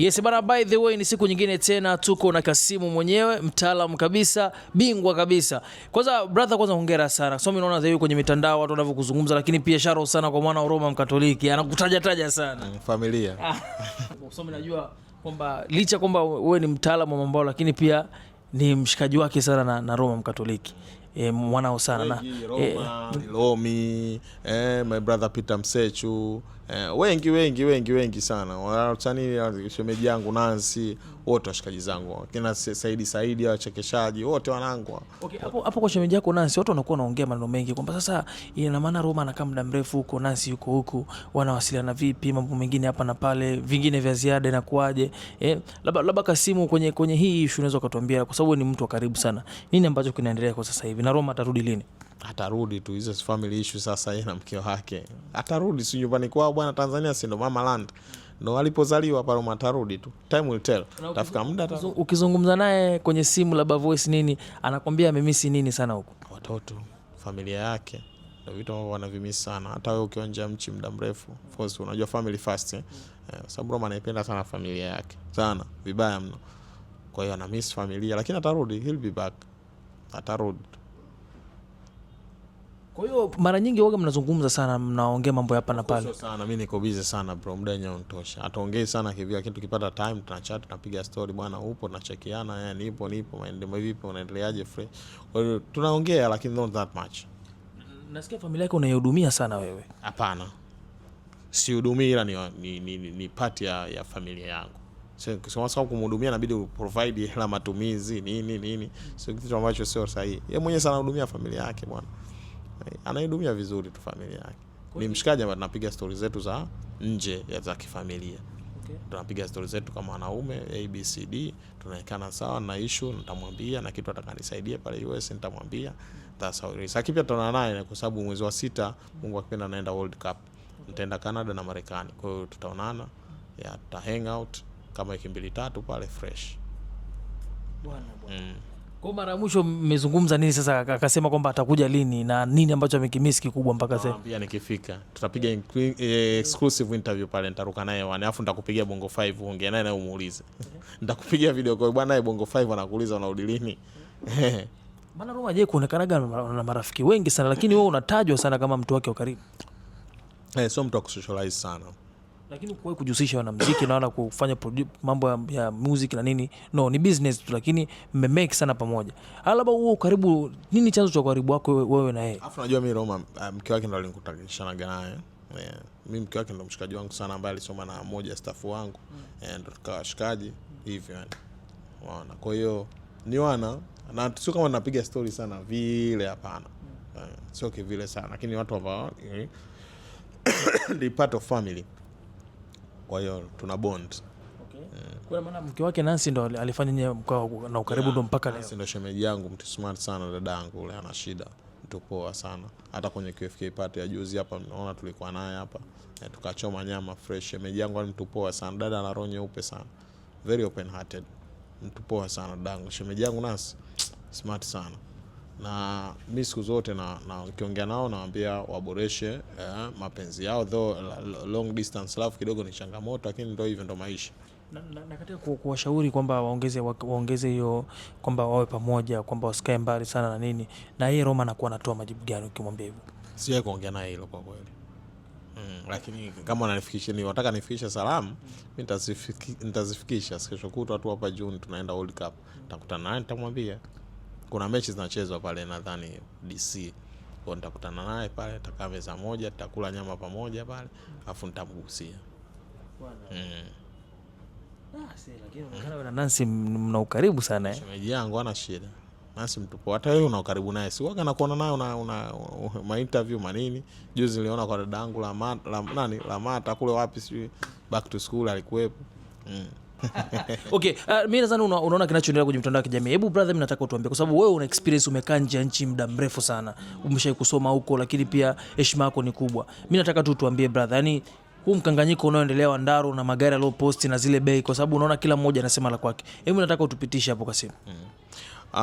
Yes bana, by the way, ni siku nyingine tena, tuko na Kasimu mwenyewe, mtaalamu kabisa, bingwa kabisa. Kwanza brother, kwanza hongera sana. So mimi naona kwenye mitandao watu wanavyokuzungumza, lakini pia sharo sana kwa mwana wa Roma Mkatoliki, anakutaja taja sana mm, familia. Ah. So mimi najua kwamba licha kwamba wewe ni mtaalamu wa mambo, lakini pia ni mshikaji wake sana na, na Roma Mkatoliki e, mwanao sana na, e, Lomi, e, my brother Peter Msechu e, wengi wengi wengi wengi sana wasanii, shemeji yangu Nancy, wote washikaji zangu kina Saidi Saidi wachekeshaji wote wanangu hapo okay, hapo kwa shemeji yako Nancy, watu wanakuwa wanaongea maneno mengi kwamba sasa ina maana Roma anakaa muda mrefu huko, Nancy yuko huku, wanawasiliana vipi, mambo mengine hapa na pale, vingine vya ziada inakuwaje? Eh, labda labda Kasimu, kwenye kwenye hii issue unaweza ukatuambia, kwa sababu ni mtu wa karibu sana, nini ambacho kinaendelea kwa sasa hivi? hivi, na Roma atarudi lini? Atarudi tu, hizo family issue. Sasa yeye na mke wake atarudi, si nyumbani kwao bwana. Tanzania si ndo mama land ndo alipozaliwa pale, Roma atarudi tu, time will tell, tafika muda. Ukizungumza naye kwenye simu, labda voice nini, anakwambia amemisi nini sana huko, watoto, familia yake ndo vitu ambavyo wanavimisi sana. Hata wewe ukiwa nje mchi muda mrefu, of course unajua family first eh? Eh, sababu Roma anaipenda sana familia yake sana vibaya mno, kwa hiyo anamiss familia, lakini atarudi, he'll be back, atarudi. Kwa hiyo mara nyingi waga mnazungumza sana, mnaongea mambo hapa na pale sana. Mimi niko busy sana bro, muda wenyewe unatosha, hatuongei sana kivyo, lakini tukipata time tunachat, tunapiga story, bwana upo, tunachekiana, yani eh, nipo nipo, maendeleo vipi, unaendeleaje fresh. Kwa hiyo tunaongea, lakini not that much. Nasikia familia yako unaihudumia sana wewe. Hapana, sihudumii, ila ni, ni, ni, ni part ya, ya familia yangu kwa sababu kumhudumia inabidi uprovide hela matumizi nini nini, sio kitu ambacho sio sahihi. Yeye mwenyewe sana hudumia familia yake bwana anaidumia vizuri tu familia yake. Ni mshikaji ambaye tunapiga stori zetu za nje za kifamilia okay. Tunapiga stori zetu kama wanaume abcd, tunaekana sawa na ishu, nitamwambia na kitu atakanisaidia pale US nitamwambia. That's pia it naye kwa sababu mwezi wa sita, Mungu akipenda, naenda World Cup nitaenda Canada na Marekani, kwa hiyo tutaonana ya tuta hang out kama wiki mbili tatu pale fresh bwana bwana mm. Kwa mara ya mwisho mmezungumza nini sasa? Akasema kwamba atakuja lini na nini ambacho amekimiss kikubwa mpaka sasa. Naambia nikifika tutapiga eh, exclusive interview pale, nitaruka naye wani, afu nitakupigia Bongo 5 unge naye na umuulize. Nitakupigia video kwa bwana naye Bongo 5 anakuuliza unarudi lini. Maana Roma je, kuonekanaga na marafiki wengi sana, lakini wewe unatajwa sana kama mtu wake wa karibu. Eh, sio mtu wa kusocialize sana. Lakini kuwahi kujihusisha na muziki naona kufanya mambo ya ya music na nini, no, ni business tu, lakini mmemeki sana pamoja. Labda huo karibu nini chanzo cha ukaribu wako wewe na yeye? Alafu najua mi Roma ah, mke wake ndo alinikutanishanaga naye Yeah. Mi mke wake ndo mshikaji wangu sana ambaye alisoma na moja stafu wangu mm. Eh, ndo tukawa washikaji hivyo mm. yani wana kwa hiyo ni wana na sio kama napiga stori sana vile, hapana mm. Eh, sio kivile sana lakini watu ambao eh, ni part of family kwa hiyo tuna bond. Mm. Kwa maana mke wake Nancy ndo alifanya nyewe mkao na ukaribu ndo mpaka leo. Ndo shemeji yangu, mtu smart sana dada yangu yule, ana shida, mtu poa sana. Hata kwenye QFK party ya juzi hapa naona tulikuwa naye hapa e, tukachoma nyama fresh. Shemeji yangu mtu poa sana, dada ana roho nyeupe sana, very open hearted, mtu poa sana dada yangu. Shemeji yangu Nancy smart sana na mi siku zote na nikiongea na, nao nawaambia waboreshe eh, mapenzi yao tho long distance love kidogo ni changamoto, lakini ndo hivyo ndo maisha na, na, na katika kuwashauri kwamba waongeze waongeze hiyo kwamba wawe pamoja kwamba wasikae mbali sana na nini, na yeye Roma anakuwa anatoa majibu gani ukimwambia hivyo? Sijawahi kuongea naye hilo kwa kweli mm, lakini kama nanifikisha ni wataka nifikishe salamu mm, mi nitazifikisha sikesho kutwa watu hapa Juni tunaenda World Cup, nitakutana naye nitamwambia kuna mechi zinachezwa pale nadhani DC kwa nitakutana naye pale, takaa meza moja, tutakula nyama pamoja pale, afu nitamgusia mm. ah, Nansi mna ukaribu sana eh? Shemeji yangu ana shida Nansi mtupo, hata wewe una ukaribu naye, si waga nakuona naye una, una, una ma interview manini. Juzi niliona kwa dadangu la, la, nani Lamata kule wapi sijui back to school alikuwepo mm. Okay, uh, mimi nadhani una, unaona kinachoendelea kwenye mtandao wa kijamii. Hebu brother, mimi nataka utuambie kwa sababu wewe una experience, umekaa nje ya nchi muda mrefu sana, umeshai kusoma huko, lakini pia heshima yako ni kubwa. Mimi nataka tu tuambie brother, yani huu mkanganyiko unaoendelea wa Ndaro na magari alioposti na zile bei, kwa sababu unaona kila mmoja anasema la kwake. Hebu nataka utupitishe hapo Kasim. Mm.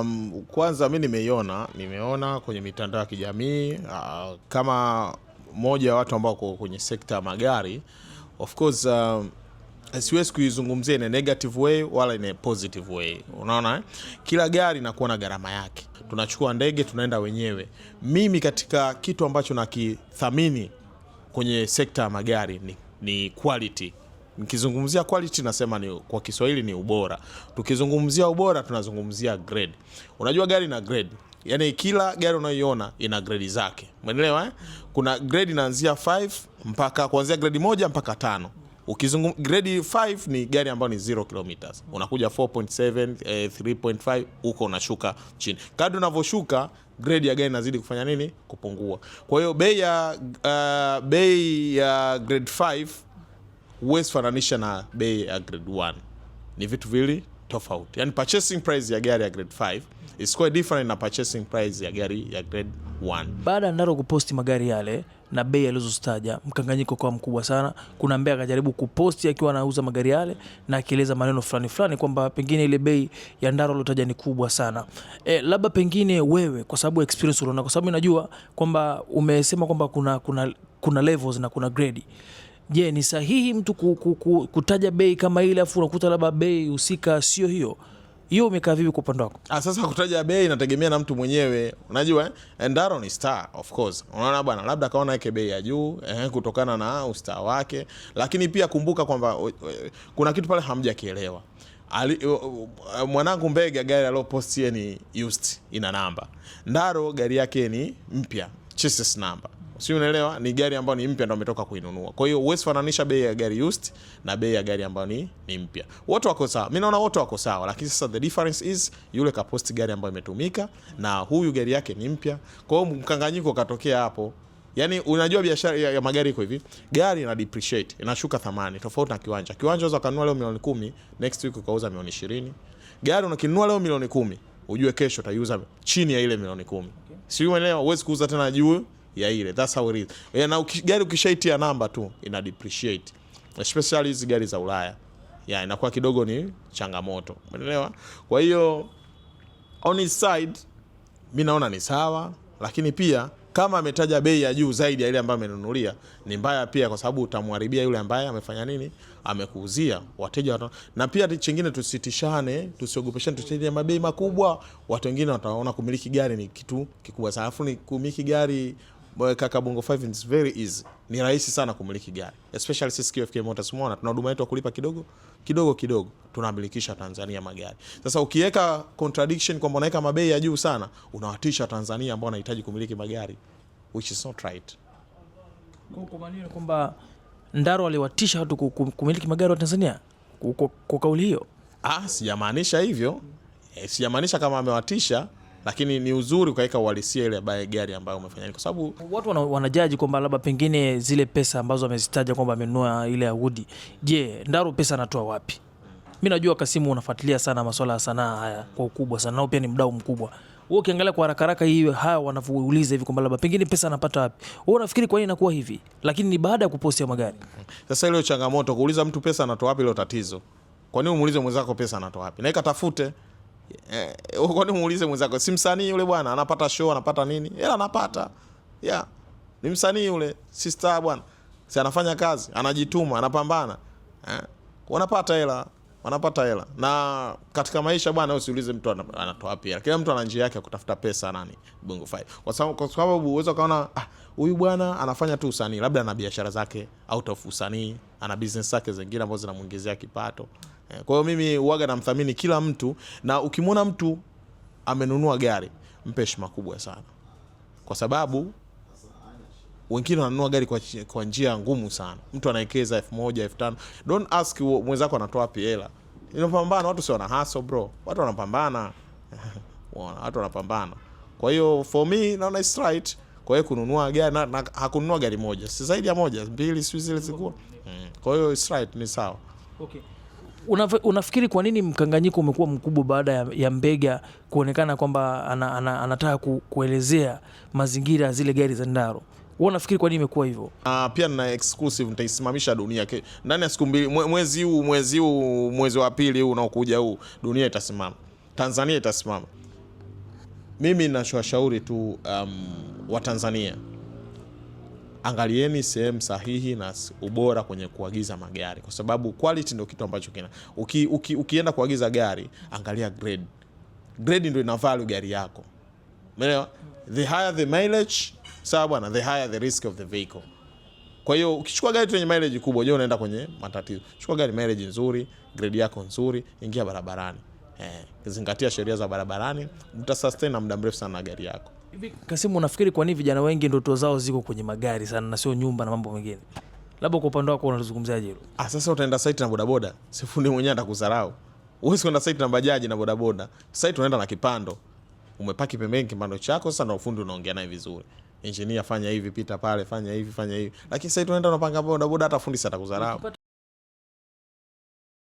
Um, kwanza mi nimeiona nimeona kwenye mitandao ya kijamii uh, kama moja ya watu ambao kwenye sekta ya magari of course um, siwezi kuizungumzia in a negative way wala in a positive way. Unaona eh? Kila gari inakuwa na gharama yake. Tunachukua ndege tunaenda wenyewe. Mimi katika kitu ambacho nakithamini kwenye sekta ya magari ni, ni quality. Nikizungumzia quality nasema ni kwa Kiswahili ni ubora. Tukizungumzia ubora tunazungumzia grade. Unajua gari na grade. Yaani kila gari unayoiona ina grade zake. Umeelewa eh? Kuna grade inaanzia 5 mpaka kuanzia grade moja mpaka tano. Ukizungum grade 5 ni gari ambayo ni 0 km unakuja 4.7 eh, 3.5 huko unashuka chini. Kadri unavyoshuka grade ya gari inazidi kufanya nini? Kupungua. Kwa hiyo bei ya uh, bei ya grade 5 huwezi fananisha na bei ya grade 1, ni vitu viwili tofauti. Yani purchasing price ya gari ya grade 5 It's quite different na purchasing price ya gari ya grade 1. Baada ya Ndaro kuposti magari yale na bei alizozitaja, mkanganyiko kwa mkubwa sana. Kuna ambaye akajaribu kuposti akiwa anauza magari yale na akieleza maneno fulani fulani kwamba pengine ile bei ya Ndaro aliyotaja ni kubwa sana. E, labda pengine wewe kwa sababu experience unaona, kwa sababu najua kwamba umesema kwamba kuna, kuna, kuna levels na kuna grade Je, ni sahihi mtu kutaja bei kama ile afu unakuta labda bei husika sio hiyo? hiyo umekaa vipi kwa upande wako? Ah, sasa kutaja bei inategemea na mtu mwenyewe, unajua eh? Ndaro ni star of course, unaona bwana, labda kaona yake bei ya juu eh, kutokana na ustar wake, lakini pia kumbuka kwamba kuna kitu pale hamjakielewa. Eh, mwanangu Mbega gari alopostie ni used, ina namba. Ndaro gari yake ni mpya, chassis number si unaelewa, ni gari ambayo ni mpya ndio umetoka kuinunua. Kwa hiyo huwezi fananisha bei ya gari used na bei ya gari ambayo ni, ni mpya. Wote wako sawa, mimi naona wote wako sawa, lakini sasa the difference is yule kaposti gari ambayo imetumika na huyu gari yake ni mpya. Kwa hiyo mkanganyiko katokea hapo. Yaani unajua biashara ya, ya magari iko hivi. Gari ina depreciate, inashuka thamani tofauti na kiwanja. Kiwanja unaweza kununua leo milioni kumi, next week ukauza milioni ishirini. Gari unakinunua leo milioni kumi, ujue kesho utaiuza chini ya ile milioni kumi. Okay. Si umeelewa? Huwezi kuuza tena juu ya ile. That's how it is. Yeah, Na uki, gari ukishaitia namba tu ina depreciate, especially hizi gari za Ulaya ya inakuwa kidogo ni changamoto, umeelewa? Kwa hiyo on his side mimi naona ni sawa, lakini pia kama ametaja bei ya juu zaidi ya ile ambayo amenunulia ni mbaya pia, kwa sababu utamharibia yule ambaye amefanya nini, amekuuzia wateja watu. na pia chingine, tusitishane, tusiogopeshane, tusitie mabei makubwa. Watu wengine wataona kumiliki gari ni kitu kikubwa sana, alafu ni kumiliki gari kaka Bongo 5 is very easy, ni rahisi sana kumiliki gari, especially sisi KFK Motors. Umeona tuna huduma yetu ya kulipa kidogo kidogo kidogo, tunamilikisha Tanzania magari. Sasa ukiweka contradiction kwamba unaweka mabei ya juu sana, unawatisha Tanzania ambao wanahitaji kumiliki magari which is not right. Kwamba Ndaro aliwatisha watu kumiliki magari wa Tanzania kwa kauli hiyo? Ah, sijamaanisha hivyo, eh, sijamaanisha kama amewatisha lakini ni uzuri ukaweka uhalisia ile bae gari ambayo umefanya, kwa sababu watu wanajaji kwamba labda pengine zile pesa ambazo amezitaja kwamba amenunua ile ya Woody. Je, Ndaro pesa anatoa wapi? Mi najua Kasimu unafuatilia sana masuala ya sanaa haya kwa ukubwa sana, nao pia ni mdau mkubwa wewe ukiangalia kwa haraka haraka hii haya wanavyouliza hivi kwamba labda pengine pesa anapata wapi, wewe unafikiri kwa nini inakuwa hivi? Lakini ni baada ya kupostia magari. Sasa ile changamoto kuuliza mtu pesa anatoa wapi, ile tatizo. Kwa nini umuulize mwenzako pesa anatoa wapi? Na ikatafute eh, kwani muulize mwenzako, si msanii yule bwana anapata show anapata nini? Hela anapata. Yeah. Ni msanii yule, si star bwana. Si anafanya kazi, anajituma, anapambana. Eh, wanapata hela wanapata hela. Na katika maisha bwana, usiulize mtu anatoa wapi hela, kila mtu ana njia yake ya kutafuta pesa. Nani Bongo Five, kwa sababu uweza ukaona ah, huyu ah, bwana anafanya tu usanii, labda ana biashara zake out of usanii, ana business zake zingine ambazo zinamuingezea kipato. Eh, kwa hiyo mimi uwaga namthamini kila mtu, na ukimwona mtu amenunua gari mpe heshima kubwa sana, kwa sababu wengine wananunua gari kwa, kwa njia ngumu sana. Mtu anaekeza elfu moja elfu tano don ask mwenzako anatoa wapi hela. Inapambana, watu si wana hustle bro, watu wanapambana watu wanapambana. Kwa hiyo for me naona it's right. Kwa hiyo kununua gari na, na hakununua gari moja, si zaidi ya moja mbili, siu zile zilikuwa hmm. Kwa hiyo it's right, ni sawa okay. Una, unafikiri kwa nini mkanganyiko umekuwa mkubwa baada ya, ya Mbega kuonekana kwamba anataka ana, ana, ana ku, kuelezea mazingira ya zile gari za Ndaro? Wewe unafikiri kwa nini imekuwa hivyo? Ah, pia na exclusive nitaisimamisha dunia ndani ya siku mbili, mwezi huu, mwezi huu, mwezi wa pili huu unaokuja huu, dunia itasimama, Tanzania itasimama. Mimi nachowashauri tu um, Watanzania, angalieni sehemu sahihi na ubora kwenye kuagiza magari, kwa sababu quality ndio kitu ambacho kina uki, uki, ukienda kuagiza gari angalia grade. Grade ndio ina value gari yako, umeelewa? the higher the mileage, sawa bwana, the higher the risk of the vehicle. Kwa hiyo ukichukua gari tu yenye mileage kubwa, unajua unaenda kwenye matatizo. Chukua gari mileage nzuri, grade yako nzuri, ingia barabarani. Eh, zingatia sheria za barabarani, utasustain na muda mrefu sana na gari yako. Hivi Kasimu, unafikiri kwa nini vijana wengi ndoto zao ziko kwenye magari sana na sio nyumba na mambo mengine? Labda kwa upande wako unazungumziaje hilo? Ah, sasa utaenda site na bodaboda, sifundi mwenyewe atakusarau. Uwezi kwenda site na bajaji na bodaboda. Site unaenda na kipando umepaki pembeni kipando chako sasa, na ufundi unaongea naye vizuri, engineer, fanya hivi, pita pale, fanya hivi, fanya hivi. Lakini sasa tunaenda unapanga boda boda, hata fundi sasa